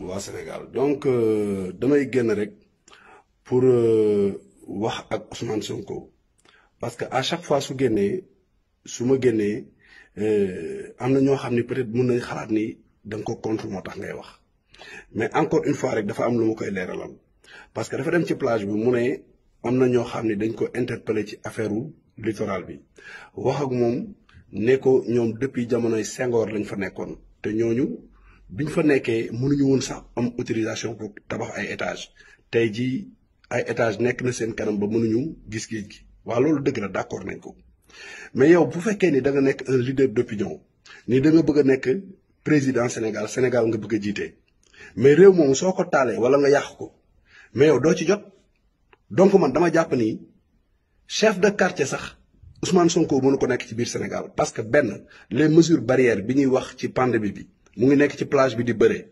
waa Sénégal donc euh, damay génn rek pour euh, wax ak Ousmane ko parce que à chaque fois su génnee su ma génnee euh, am na ñoo xam ni peut-être mun nañ xalaat ni da ko contre moo tax ngay wax mais encore une fois rek dafa am lu ma koy leeralal parce que dafa dem ci plage bi mu ne am na ñoo xam ne dañ ko interpellé ci affaire u littoral bi wax ak moom ne ko ñoom depuis jamonoy sengoor lañ fa nekkoon te ñooñu. bi ñu fa nekkee mënuñu woon sax am autorisation pour tabax ay étage tey jii ay étage nekk na seen kanam ba mënuñu gis géej gi waa loolu dëgg la d'accord nañ ko mais yow bu fekkee ni da nga nekk un leader d'opinion ni da nga bëgg a nekk président Sénégal Sénégal nga bëgg a jiite mais réew moom soo ko taalee wala nga yàq ko mais yow doo ci jot donc man dama jàpp ni chef de quartier sax Ousmane Sonko mënu ko nekk ci biir Sénégal parce que benn les mesures barrières bi ñuy wax ci pandémie bi mu ngi nekk ci plage bi di bëree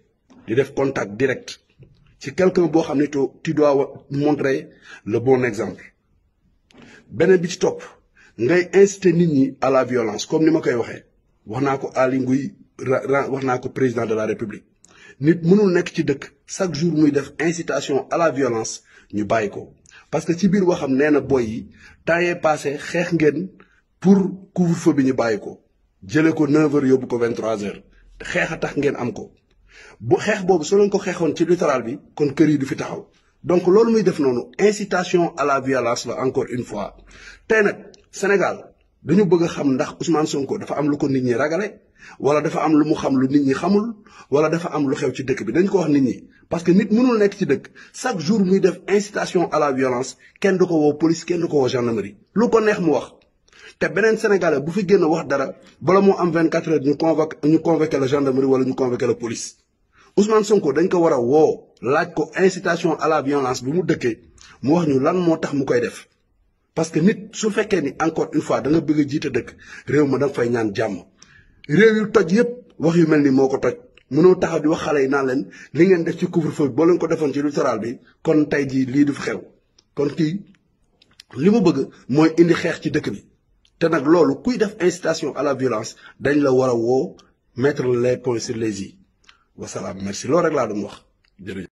di def contact direct ci quelqu'un boo xam ne tu dois montrer le bon exemple beneen bi ci topp ngay inciter nit ñi à la violence comme ni ma koy waxee wax naa ko Aly Ngouille wax naa ko président de la république nit mënul nekk ci dëkk chaque jour muy def incitation à la violence ñu bàyyi ko parce que ci biir waxam nee na boy yi temps yee passé xeex ngeen pour couvre-feu bi ñu bàyyi ko jëlee ko 9 heures yóbbu ko 23 heures xeex a tax ngeen am ko bu xeex boobu soo leen ko xeexoon ci littoral bi kon kër yi du fi taxaw donc loolu muy def noonu incitation à la violence la encore une fois tey nag Sénégal dañu bëgg xam ndax Ousmane Sonko dafa am lu ko nit ñi ragale wala dafa am lu mu xam lu nit ñi xamul wala dafa am lu xew ci dëkk bi dañ ko wax nit ñi parce que nit mënul nekk ci dëkk chaque jour muy def incitation à la violence kenn du ko woo police kenn du ko woo gendarmerie lu ko neex mu wax te beneen sénégalais bu fi génn wax dara bala moo am 24 heures ñu convoqué ñu convoqué la gendarmerie wala ñu convoqué la police Ousmane Sonko dañ ko war a woo laaj ko incitation à la violence bu mu dëkkee mu wax ñu lan moo tax mu koy def parce que nit su fekkee ni encore une fois da nga bëgg a jiite dëkk réew ma da fay ñaan jàmm réew yu toj yépp wax yu mel ni moo ko toj mënoo taxaw di wax xale yi naa leen li ngeen def ci couvre-feu boo leen ko defoon ci littoral bi kon tey jii lii du fi xew kon kii li mu bëgg mooy indi xeex ci dëkk bi te nag loolu kuy def incitation à la violence dañ la war a woo mettre les points sur les i wasalaam merci loolu rek laa doon wax jërëjëf